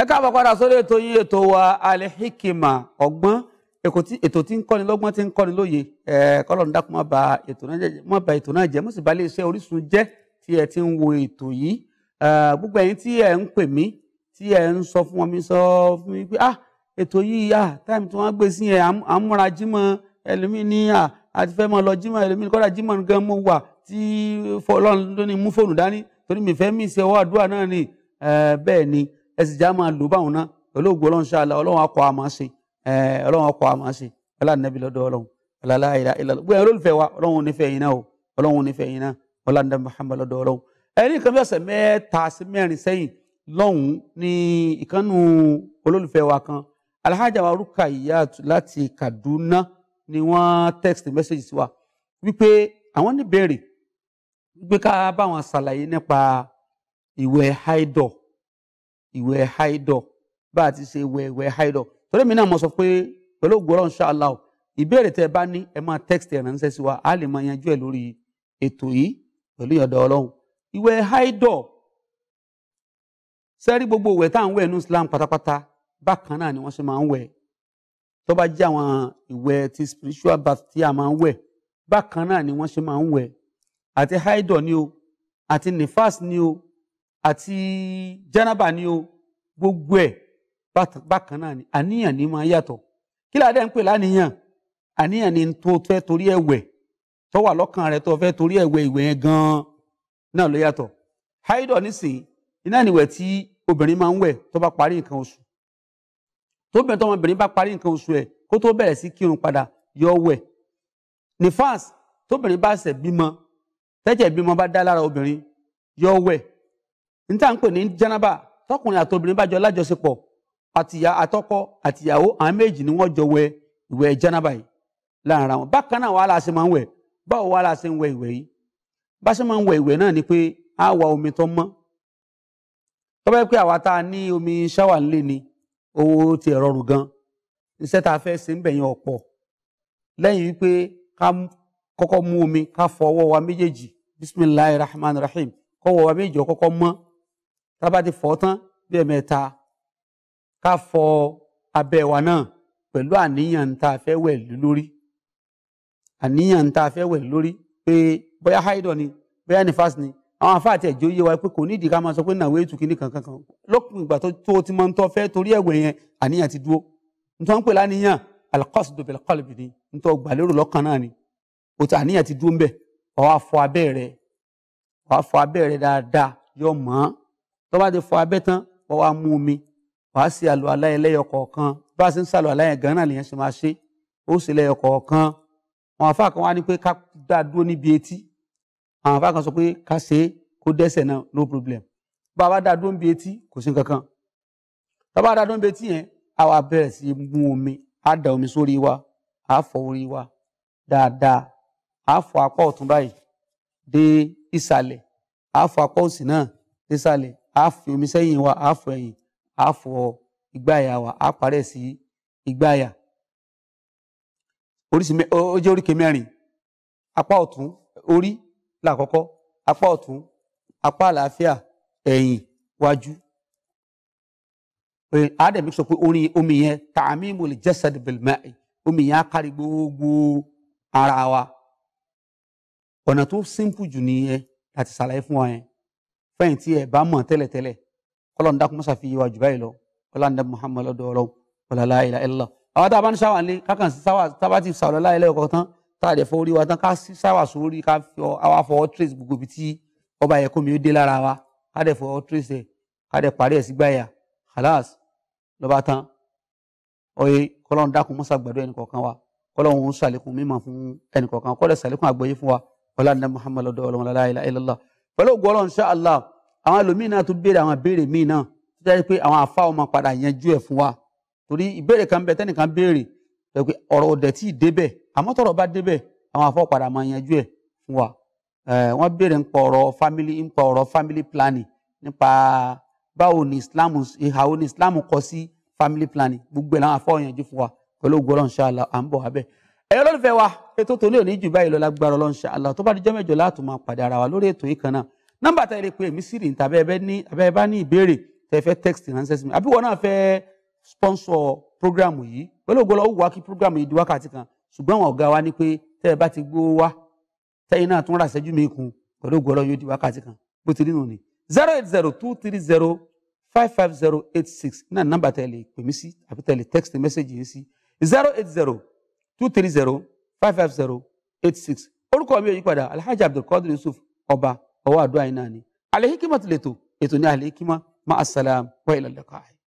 ẹ káàbọ̀ padà sórí ètò yín ètò wa Al-Hikmat ọgbọ́n ètò tí ń kọ́ni lọ́gbọ́n tí ń kọ́ni lóye kọ́lọ́run dákun má bà ètò náà jẹ́ má bà ètò náà jẹ́ mo sì bà iléeṣẹ́ Orísun jẹ́ tí ẹ ti ń wo ètò yìí gbogbo ẹ̀yin tí ẹ ń pè mí tí ẹ ń sọ fún mi sọ fún mi pé ah ètò yìí ah táìmù tí wọ́n gbé sí yẹn à ń múra jímọ̀ ẹlòmíì ní à ah, àti fẹ́ máa lọ jímọ̀ ẹlòmíì kọ́dà jímọ̀ gan mo wà tí Ọlọ́run tó ní mú fóònù dání torí mi fẹ́ mí ìṣe ọwọ́ àdúrà náà ni bẹ́ẹ̀ ni ẹ sì já máa lò báwọn náà olóògbé ọlọ́run ṣáàlà ọlọ́run akọ àmọ́ ṣe ọlọ́run akọ àmọ́ ṣe ọlànàbí lọ́dọ̀ ọlọ́run ọlàlá ìlà ìlà bóyá olólùfẹ́ wa ọlọ́run nífẹ̀ẹ́ yín náà o ọlọ́run nífẹ̀ẹ́ yín náà ọlànàbí Muhammad lọ́dọ̀ ọlọ́run ẹni kan bí ọ̀sẹ̀ mẹ́ta sí mẹ́rin sẹ́yìn lọ́hùn-ún ní ìkànnù olólùfẹ́ wa kan alhaja wa Rukayat láti Kaduna ni wọ́n text message sí wa wípé àwọn níbèrè wípé ká bá wọn ṣàlàyé nípa ìwẹ̀ haidọ̀ ìwẹ̀ haidọ̀ bá a ti ṣe wẹ̀ ìwẹ̀ haidọ̀ torí mi náà mo sọ pé pẹ̀lú ògbóràn inshallah ìbéèrè tẹ́ bá ní ẹ máa text ẹ̀ ránṣẹ́ sí wa a lè máa yanjú ẹ̀ lórí ètò yìí pẹ̀lú ìyọ̀dọ̀ ọlọ́run ìwẹ̀ haidọ̀ sẹ́rí gbogbo ìwẹ̀ tá à ń wẹ̀ ní Islam pátápátá bákan náà ni wọ́n ṣe máa ń wẹ̀ tó bá jẹ́ àwọn ìwẹ̀ ti spiritual bath tí a máa ń wẹ̀ bákan náà ni wọ́n ṣe máa ń wẹ̀ àti haidọ̀ ni o àti nifas ni o àti jánábà ni o gbogbo ẹ̀ bákan náà ni àníyàn ni máa yàtọ̀ kí ládẹ́ ń pè láníyàn àníyàn ni tó fẹ́ torí ẹ̀wẹ̀ tó wà lọ́kàn rẹ tó fẹ́ torí ẹ̀wẹ̀ ìwẹ̀ yẹn gan-an náà ló yàtọ̀ haidọ̀ nísìnyí iná níwẹ̀ tí obìnrin máa ń wẹ̀ tó bá parí nǹkan oṣù tóbìnrin tó ọmọbìnrin bá parí nǹkan oṣù ẹ̀ kó tó bẹ̀rẹ̀ sí kírun padà yọ wẹ̀ nífàs tóbìnrin bá ṣẹ̀ bímọ tẹ́jẹ̀ bímọ bá dá lára obìnrin yọ wẹ̀ níta ń pè ní jẹnaba tọkùnrin àtobìnrin bá jọ lájọṣepọ̀ àtìyá àtọkọ àtìyàwó àwọn méjì ni wọ́n jọ wẹ̀ ìwẹ̀ jẹnaba yìí láàrin àwọn bákan náà wàá la ṣe máa ń wẹ̀ báwo wàá la ṣe ń wẹ̀ ìwẹ̀ yìí bá ṣe máa ń wẹ̀ ìwẹ̀ náà ni pé á wa omi tó mọ́ tọ́pẹ́ pé àwa tá ní omi ṣáwà ńlẹ̀ ni owó ti rọrùn gan iṣẹ́ tá a fẹ́ ṣe ń bẹ̀yẹn ọ̀pọ̀ lẹ́yìn wípé ká kọ́kọ́ mú omi ká fọ wa méjèèjì bisimilahi rahman rahim kọ́wọ́ wa méjèèjì ọ̀kọ́kọ́ mọ́ tá a bá ti fọ̀ tán bí ẹ̀mẹ́ta ká fọ abẹ́ wa náà pẹ̀lú àníyàn tá a fẹ́ wẹ̀ lórí àníyàn tá a fẹ́ wẹ̀ lórí pé bóyá haidọ̀ ni bóyá nifas ni àwọn afá àti ẹ̀jọ́ yé wa pé kò nídìí ká máa sọ pé nàwé ètò kìíní kankan kan lópin ìgbà tó ti máa ń tọ́ fẹ́ torí ẹ̀wẹ̀ yẹn àníyàn ti dúró nítorí wọn pè láníyàn alqasdu bil qalbi ni nítorí gbàlérò lọ́kàn náà ni o àníyàn ti dúró ń bẹ̀ ó fọ abẹ́ rẹ̀ ó fọ abẹ́ rẹ̀ dáadáa yọ mọ́ tó bá ti fọ abẹ́ tán wọ́n wá mú omi wàá ṣe àlùwàlá ẹlẹ́yọ kọ̀ọ̀kan bá a ṣe ń ṣàlùwàlá yẹn gan náà lèyàn ṣe máa ṣe ó sì lẹ́yọ kọ̀ọ̀kan àwọn afá wá ní pé ká dá dúró níbi etí àwọn afá sọ pé ká ṣe é kó dẹ́sẹ̀ náà no problem bá a bá dá dúró níbi etí kò sí nǹkan kan tá a bá dá dúró níbi etí yẹn a wá bẹ̀rẹ̀ sí mú omi á da omi sórí wa á fọ orí wa dáadáa á fọ apá ọ̀tún báyìí dé ìsàlẹ̀ á fọ apá òsì náà dé ìsàlẹ̀ á fi omi sẹ́yìn wa á fọ ẹ̀yìn á fọ ìgbáyà wa á parẹ́ sí ìgbáyà oríṣi ó jẹ́ oríkè mẹ́rin apá ọ̀tún orí làkọ́kọ́ apá ọ̀tún apá àlàáfíà ẹ̀yìn wájú adam sọ pé orin omi yẹn ta'mimul jasad bil ma'i omi yẹn á kárí gbogbo ara wa ọ̀nà tó simple jù nìyẹn láti ṣàlàyé fún wa yẹn fẹ́yìn tí ẹ bá mọ̀ tẹ́lẹ̀tẹ́lẹ̀ kọ́lọ́n dákun mọ́sá fi wájú báyìí lọ kọ́lọ́n dẹ́ Muhammad lọ́dọ̀ ọlọ́ ọ̀làlá ilà ilà àwọn tá a bá ní sáwà ní kákan sáwà tábà ti sàwà lọ́lá ilẹ̀ ọkọ̀ tán tá a dẹ̀ fọ orí wa tán ká sí sáwà sórí ká fi àwa fọwọ́ trace gbogbo ibi tí ọba yẹ kó mi ó dé lára wa ká dẹ̀ fọwọ́ trace ẹ̀ ká dẹ̀ parí ẹ̀ sí gbáyà khalas lọ́ba tán ọyẹ kọ́lọ́n dákun mọ́sá gbàdúrà ẹnì kọ̀ọ̀kan pẹ̀lú ògùn ọlọ́run ṣá Allah àwọn ẹlòmíì náà tún béèrè àwọn ìbéèrè míì náà tó jẹ́ pé àwọn àfa ọmọ padà yanjú ẹ̀ fún wa torí ìbéèrè kan bẹ tẹ́nìkan béèrè pé ọ̀rọ̀ ọ̀dẹ̀ tí ì débẹ̀ àmọ́ tọ̀rọ̀ bá débẹ̀ àwọn àfa padà máa yanjú ẹ̀ fún wa wọ́n béèrè nípa ọ̀rọ̀ family nípa ọ̀rọ̀ family planning nípa báwo ni Islam ìhàwó ni Islam kọ sí family planning gbogbo ẹ̀ làwọn àfa ọ̀yanjú fún wa pẹ̀lú ògùn ọlọ́run ṣá Allah à ń bọ̀ wá bẹ́ẹ̀ ẹ̀yọ́ lọ́lùfẹ́ wa ètò tòlé òní jù báyìí lọ lágbára Ọlọ́run ṣá Allah tó bá di jọ́mẹ́jọ láàtò máa pàdé ara wa lórí ètò yìí kan náà nọ́mbà tá a lè pe èmi sí rìn tàbí ẹ bá ní ìbéèrè tẹ fẹ́ text ránṣẹ́ sí mi àbí wọn náà fẹ́ sponsor program yìí pẹ̀lú ògbọ́lọ́ ó wù wá kí program yìí di wákàtí kan ṣùgbọ́n àwọn ọ̀gá wa ní pé tẹ́ ẹ bá ti gbó wá tẹ́yìn náà tún rà sẹ́jú zero eight zero two three zero five five zero eight six náà nọ́mbà tẹ́ lè pè mí sí àbí tẹ́ zero eight zero two three zero five five zero eight six orúkọ mi ò yí padà alhaji abdulkadir yusuf ọba ọwọ́ àdúrà yìí náà ni alehikima ti lè tó ètò ní alehikima ma asalam wa ilal liqaa.